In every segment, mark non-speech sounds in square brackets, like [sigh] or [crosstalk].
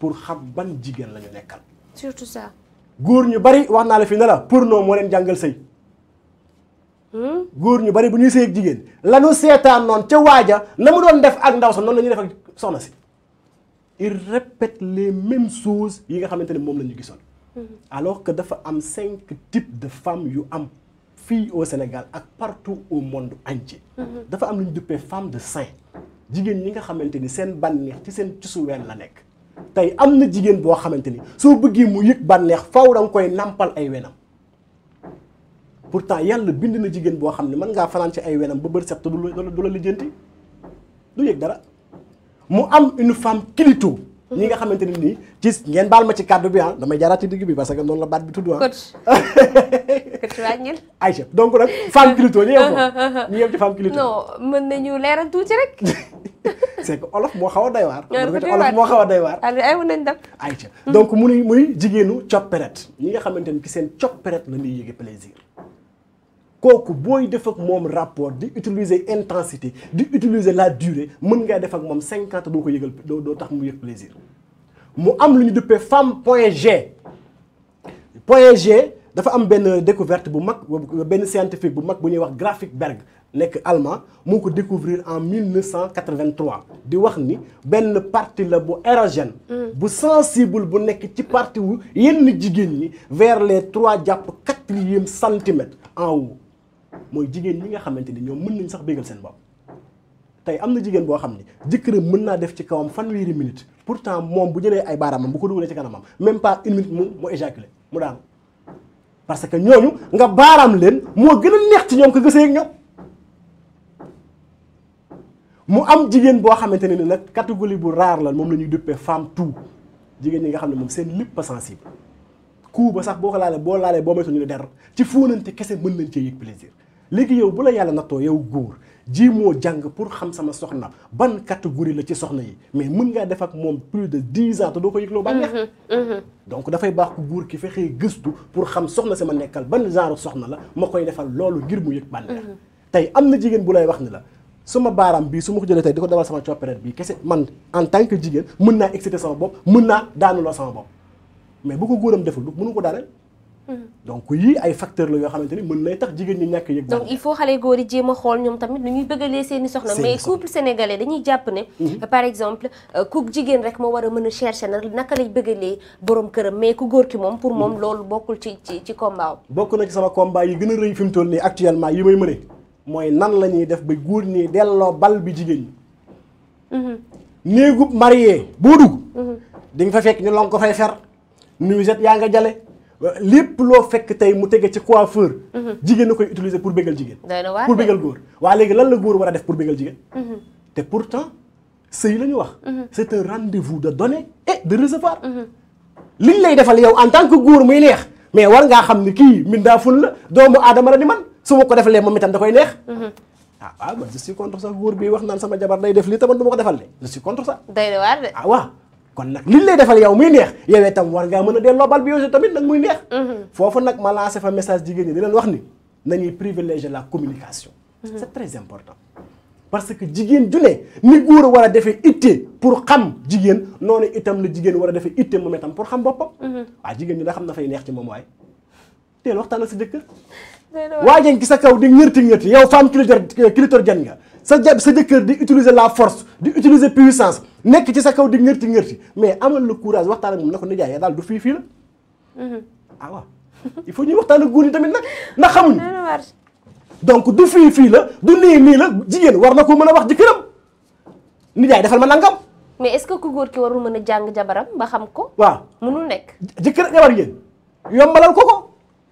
pour xam ban jigen lañu nekkal. surtout ça. goor ñu bari wax na la fi ne la porno moo leen jàngal sëy. Hmm? goor ñu bari bu ñuy sey ak jigéen lanu seetaan non ci waaja la mu doon def ak ndaw sa non lañu def ak soxna si. il répète les mêmes choses yi nga xamanteni mom lañu gissone ñu hmm. alors que dafa am 5 types de femmes yu am fi au Sénégal ak partout au monde entier. Hmm. dafa am luñu duppé femme de saint jigen ñi nga xamanteni sen ni ci sen ci seen cusuween la nekk. tey am na jigéen boo xamante ni soo bëggee mu yëg bànneex faw da nga koy nàmpal ay wenam pourtant yàlla bind na jigéen boo xam ne mën ngaa fanaan ci ay wenam ba bër set du la du la lijjanti du yëg dara mu am une femme ñi nga xamante ne nii gis ngeen baal ma ci kàddu bi ah damay jaaraat ci digg bi parce que noonu la baat bi tudd ah. coach [laughs] coach wàññil. Aïcha donc nag femme kilito ñu [laughs] mën nañu leeral tuuti rek. [laughs] c' est que olof moo xaw a doy waar. olof moo xaw a doy waar. aywa nañ dem. Aïcha mu muy muy jigéenu copperet ñi nga xamante ni ci seen copperet la ñuy yëge plaisir. Si vous def ak rapport d'utiliser utiliser intensité la durée mën ngaa def ak mom cinquante ko plaisir mu am G découverte scientifique bu mac, Berg allemand découvrir en 1983 di wax ni le partie la bu érogène mm. sensible où wu yenn ni vers les trois 4 centimètre en haut mooy jigéen ñi nga xamante ni ñoom mën nañ sax bégal seen bopp tey am na jigéen boo xam ni jëkkëram mën naa def ci kawam fan fanweeri minute pourtant moom bu jëlee ay baaraamam bu ko dugalee ci kanamam même pas une minute mu mu éjaculé mu daanu parce que ñooñu nga baaraam leen moo gën a neex ci ñoom ko gësee ak mu am jigéen boo xamante ne nag catégorie bu raar la moom la ñuy duppee femme tout jigéen ñi nga xam ne moom seen lépp a sensible ku ba sax boo ko boo laalee boo moytuwul ñu ne der ci fóonante kese mën nañ cee yëg léegi yow bu la yàlla na nattoo yow góor ji moo jàng pour xam sama soxna ban catégorie la ci soxna yi mais mun ngaa def ak moom plus de dix ans te doo ko yëgloo bànneex mhm, mhm. donc dafay baax ku góor ki fexee gëstu pour xam soxna ma nekkal ban genre soxna la ma koy defal loolu ngir mu yëg bànneex mhm. tey am na jigéen bu lay wax ni la suma baaraam bi su ma ko jëlee tey di ko dawal sama copperet bi kese man en tant que jigéen mën naa exciter sama bopp mën naa daanuloo sama bopp mais bu ko góoram deful mënu ko daaneel Mm-hmm. donc yii ay facteurs la yoo xamante ni mën nay tax jigéen ñi ñàkk yëg a mm-hmm. euh, a mën a chercher ki moom pour moom mm-hmm. loolu bokkul ci ci ci combat bokk na ci sama combat yi gën a rëy fi mu toll nii actuellement yi ba góor bi jigéen ñi néegub marié boo dugg di nga fa fekk ñu lon ko fay fer nuisette yaa nga jale lépp loo fekk tey mu tegee ci coiffeur. Mhm. jigéen na koy utiliser pour bégal jigéen. pour bégal góor waa léegi lan la góor war a def pour bégal jigéen. Mhm. te pourtant sëy la ñu wax. Mhm. c'est un rendez-vous de donner et de recevoir. liñ lay defal yow en tant que góor muy neex mais war ngaa xam ni kii daa mindaaful la doomu aadama la ni man su ma ko defalee moom itam da koy neex. ah waaw ah, man je suis contre ça góor bi wax naan sama jabar day def lii tamit du ma ko defal de je suis contre ça. day waar kon nak liñ lay defal yow muy neex yow itam war ngaa mën a delloo bal bi yow tamit nag muy neex. Mhm. foofu nag ma lancé fa message jigéen ñi di leen wax ni nañuy privilégier la communication. Mhm. c'est très important. parce que jigéen ju ne ni góor war a defee itte pour xam jigéen noonu itam la jigéen war a defee itte moom itam pour xam boppam. Mhm. waaw jigéen ñi da xam na fay neex ci moom waaye teel waxtaan ak sa jëkkër. waaja ngi sa kaw di ñërti ñërti yow femme clitoridienne nga sa jab sa jëkkër di utiliser la force di utiliser puissance nekk ci sa kaw di ñërti ñërti mais amal le courage waxtaan ak moom na ko nijaay daal du fii fii la mhm. ah waaw il faut ñuy waxtaan ak góor ñi tamit nag ndax xamuñu [laughs] donc du fii fii la du nii nii la jigéen war na ko mën a wax jëkkëram nijaay defal ma nangam mais est-ce que ku góor ki warul mën a jàng jabaram ba xam ko waaw mënul nekk jëkkër jabar ngeen yombalal ko ko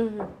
mhm.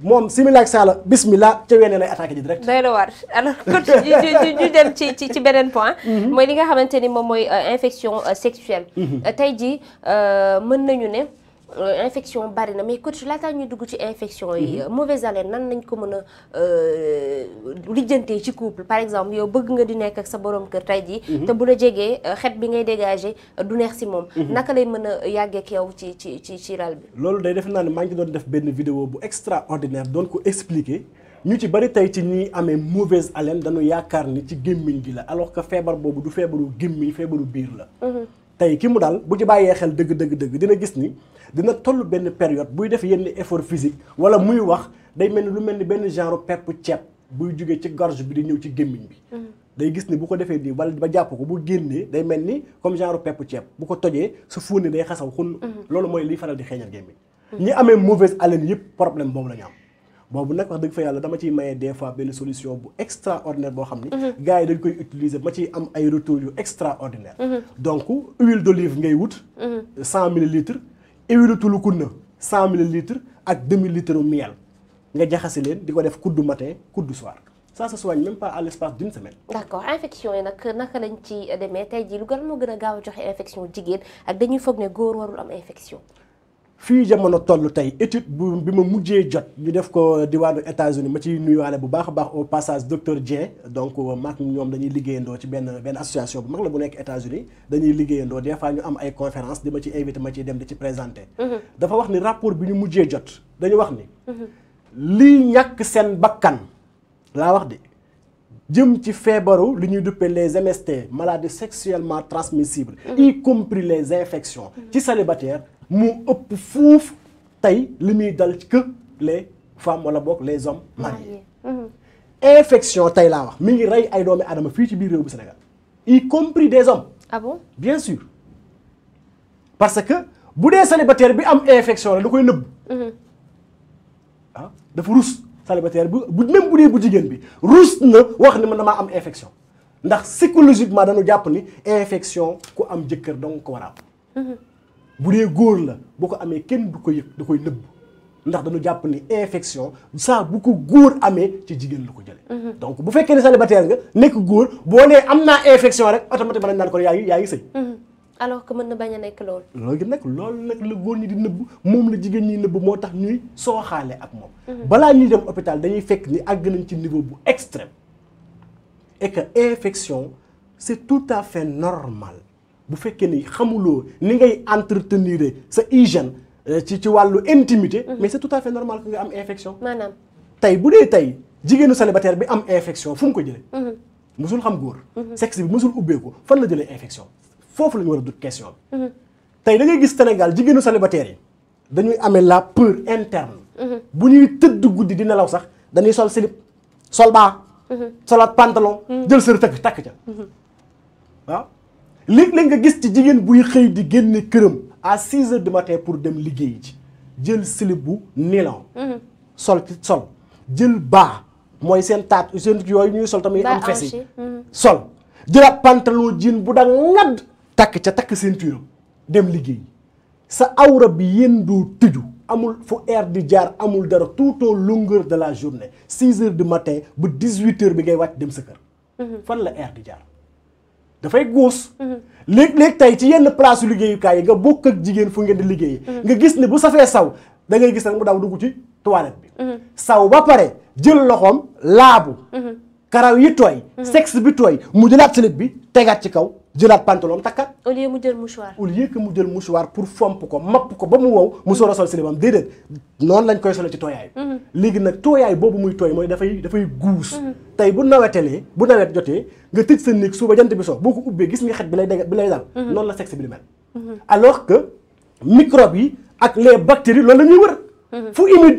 mom simila ak bismillah ci weenee lay attaqué ji direct doy na war alors [laughs] coach ñu dem ci ci benen point moy mhm. li nga xamanteni mom moy euh, infection euh, sexuelle mhm. euh, tey ji meun nañu né euh, infection bari na mais coach laataa ñuy dugg ci infection yi mhm. mauvaise haleine nan nañ ko mën a euh, lijjantee ci couple par exemple yow bëgg nga di nekk ak sa borom kër tey jii mhm. te bu la jegee euh, xet bi ngay dégager du neex ci mom mhm. naka lay mën a yàggee ak yow ci ci ci ci ral bi loolu day def naa ne maa ngi doon def ben vidéo bu extraordinaire doon ko expliquer ñu ci bari tay ci ñi amé mauvaise haleine dañu yaakaar ni ci gemmiñ gi la alors que fièvre bobu du feebaru gémmiñ feebaru bir la tay ki mu dal bu ci bayé xel deug deug deug dina gis ni dina tollu ben période buy def yenn effort physique wala muy wax day melni lu melni ben genre pep ceeb buy jógee ci gorge bi di ñëw ci gémmiñ bi mm-hmm. day gis ni bu ko defee nii wala ba japp ko bu génné day melni comme genre pep ceeb bu ko tojé su fuuni day xassaw xun mm-hmm. lolu moy li faral di xéñal gémmiñ mm-hmm. ñi amé mauvaise haleine yépp problème bobu la ñam bobu nak wax dëgg fa yalla dama ciy mayé des fois ben solution bu extraordinaire bo xamni gaay dañ koy utiliser ma ciy am ay retour yu extraordinaire donc huile d'olive ngay wut 100 ml évite tout le coup 100 ml litres à 2 ml litres de miel. Nga déjà c'est l'air, dégoûter coup du matin, coup du soir. Ça se soigne même pas à l'espace d'une semaine. D'accord. Infection, il y en a que n'a que l'anti des métaux. Il y a le gouvernement a une infection digne. À des niveaux que les gourous ont une infection fii jamono toll tey étude bu bi ma mujjee jot ñu def ko diwaanu États-Unis ma ciy nuyuwaale bu baax a baax au passage docteur J, donc euh, maak ñoom dañuy liggéeyandoo ci benn benn association bu mag la bu nekk États-Unis dañuy liggéeyandoo des fois ñu am ay conférence di ma ci invité ma ciy dem di ci présenté mhm. dafa wax ni rapport bi ñu mujjee jot dañu wax ni mhm. lii ñàkk seen bakkan La wax de jëm ci feebaru li ñuy duppee les MST maladies sexuellement transmissibles mhm. y compris les infections ci célibataire moo ëpp fuuf tey li muy dal que les femmes wala boog les hommes mariés mhm. infection tey laa wax mi ngi rey ay doomi aadama fii ci biir réew bu Sénégal y compris des hommes ah bon bien sûr parce que bu dee célibataire bi am infection la da koy nëbb mhm. ah dafa rus célibataire bu bu même bu dee bu jigéen bi rus na wax ni man damaa am infection ndax psychologiquement dañu jàpp ni infection ku am jëkkër dong ko war mhm bu dee la boko amé kenn du ko yek da koy nëbb ndax dañu japp ni infection saa bu ko góor amee ci jigen lako ko mhm. donc bu fekké ni célibataire nga nek góor bo né amna infection rek automatiquement dañu naan ko yaa ngi yaa ngi mhm. alors que mën na bañ a nekk lool. loolu nag loolu nag la góor ñi di neub mom la jigen ñi neub motax ñuy so xalé ak mom mhm. bala ñi dem hôpital dañuy fekk ni ag nañ ci niveau bu extrême et que infection c'est tout à fait normal vous faites que xamuloo ni entretenir sa hygiène euh, intimité. Mhm. mais c'est tout à fait normal que nga une infection. Manam. tey bu célibataire am infection mhm. musul xam mhm. sexe musul ubbeeku fan la une infection infection. la une autre question bi. tey da ngay gis Sénégal nous célibataire dañuy la peur interne. bu sol sol pantalon que léeg qui ci jigéen buy de à 6 h du matin pour dem jël slip de mhm. sol sol jël baa mooy de taat seen yooyu ñuy sol tamit am mhm. sol pantalon jean bu da ceinture dem sa awra bi amul air di amul dara tout au longueur de la journée 6 heures du matin bu 18 heures bi ngay dem mhm. fan la air di dafay guus. Mhm. léeg-léeg tey ci yenn place liggéeyukaay yi nga bokk ak jigéen fu ngeen di liggéey. Mhm. nga gis ne bu safee saw da ngay gis nag mu daw dugg ci toilette bi. Mhm. saw ba pare jël loxoom laabu. karaw yi tooy. Mhm. sexe bi tooy mu jëlaat slip bi tegaat ci kaw jëlaat pantalon takkaat. au mu jël mouchoir. au lieu que mu jël mouchoir pour fomp ko mapp ko ba mu wow mu soor a sol slip am déedéet noonu lañ koy solo ci tooyaay. Mhm. léegi nag tooyaay boobu muy tooy mooy dafay dafay guus. Mhm. tey bu nawetelee bu nawet jotee nga tëj sa néeg suba jant bi so boo ko ubbee gis nga xet bi lay dégg bi lay dal. noonu la sexe bi di mel. alors que microbe yi ak les bactéries loolu la ñuy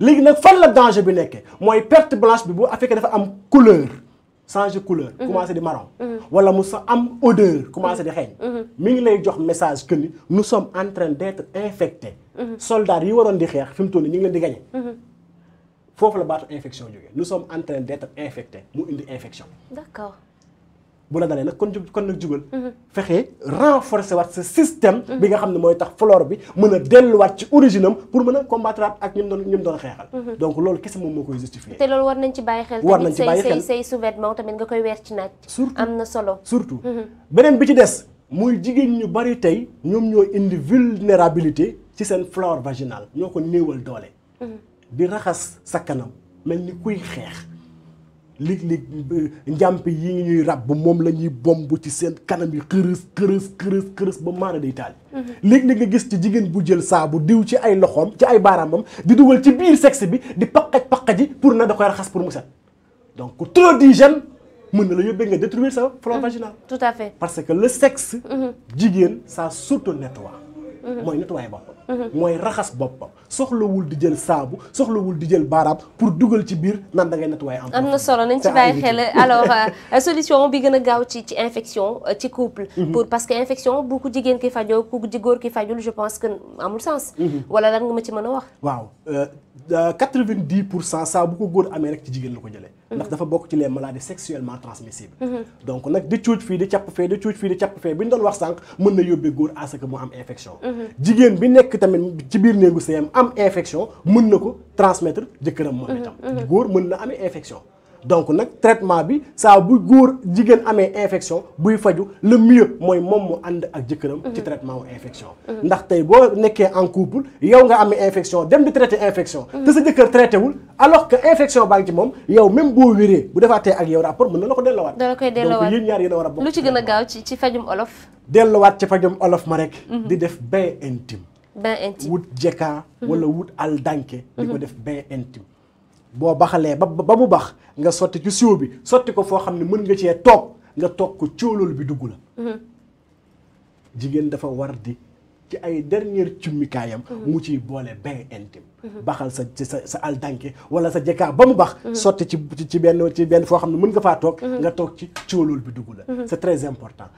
léegi nag fan la danger bi nekkee mooy perte blanche bi bu fekkee dafa am couleur changer couleur. Mhm. commencer di marron. Mhm. wala mu sa am odeur commencer di mhm. xeeñ. mi ngi lay jox message que ni nous sommes en train d'être être infectés. soldats yi waroon di xeex fi mu toll nii ñu ngi leen di la infection nous sommes en train d'être être infectés mu indi infection. D'accord. bu la dalee nag kon kon nag jugal. Mhm. fexe renforcer waat sa système. bi nga xam ne mooy tax flore bi mën a delluwaat ci origine pour mën a combattre ak ñim doon ñim doon xeexal. Mhm. donc loolu kese moom moo koy justifier. te loolu war nañ ci bàyyi xel. war nañ ci bàyyi xel say sous-vêtement tamit nga koy weer ci naaj. surtout am na solo. surtout mhm. beneen bi ci des. muy jigéen ñu bari tey ñoom ñoo indi vulnérabilité ci seen flore vaginale ñoo ko néewal doole. di raxas sa kanam mel ni kuy xeex. léeg-léeg njàmp yi ngi ñuy ràbb moom la ñuy bomb ci seen kanam yi xërës xërës xërës xërës ba maara day taal mhm. léeg-léeg nga gis ci jigéen bu jël saabu diw ci ay loxoom ci ay baaraamam di dugal ci biir sexe bi di paqaj paqaji pour na da koy raxas pour mu set donc trop d'hygiène mën na la yóbbee nga détruire sa flore mhm. vaginale tout à fait parce que le sexe mhm. jigéen ça s'auto nettoie mooy nettoyer bopp moy mhm. raxas bopam soxlawul di jël sabu soxlawul di jël barab pour dugal ci bir nan da ngay nettoyer am amna solo nañ ci baye xel alors euh, euh, solution bi gën a gaaw ci ci infection euh, ci couple mhm. pour parce que infection bu ko jigéen ki fajo ku góor ki fajul je pense que amul sens mhm. wala lan nga ma ci mën wax waaw 90% vingt bu ko góor amee rek ci jigéen la ko jëlee ndax dafa bokk ci les maladies sexuellement transmissibles mhm. donc des di des fii di càpp fee di des fii di càpp fee bi ñu doon wax sànq mën na yóbbee góor à ce am infection mhm. jigéen bi nekk tamit ci am infection mën na transmettre des moom itam mhm. góor mën na infection donc le traitement bi ça bu vous infection le mieux moi mon mhm. traitement infection ndax en couple yow nga infection vous avez traiter infection mhm. te sa traité alors que infection vous ngi ci vous yow même bu ak yow rapport mën na Vous Vous lu ci Vous ci ci Vous olof Vous ci olof ma rek mhm. di def Vous intime bain intime wut Vous wala wut al bo baxalé ba mu bax nga sotti ci siwo bi sotti ko fo xam mën nga cee tok nga tok ko cóolóol bi dugg hmm jigen dafa war di ci ay dernier cummikaayam mhm. mu ci bolé bain intime mhm. baxal sa sa sa aldanke wala sa jëkkaa ba mu bax mhm. sotti ci ci ben ci ben fo xam mën nga fa tok nga tok ci cóolóol bi dugg c'est très important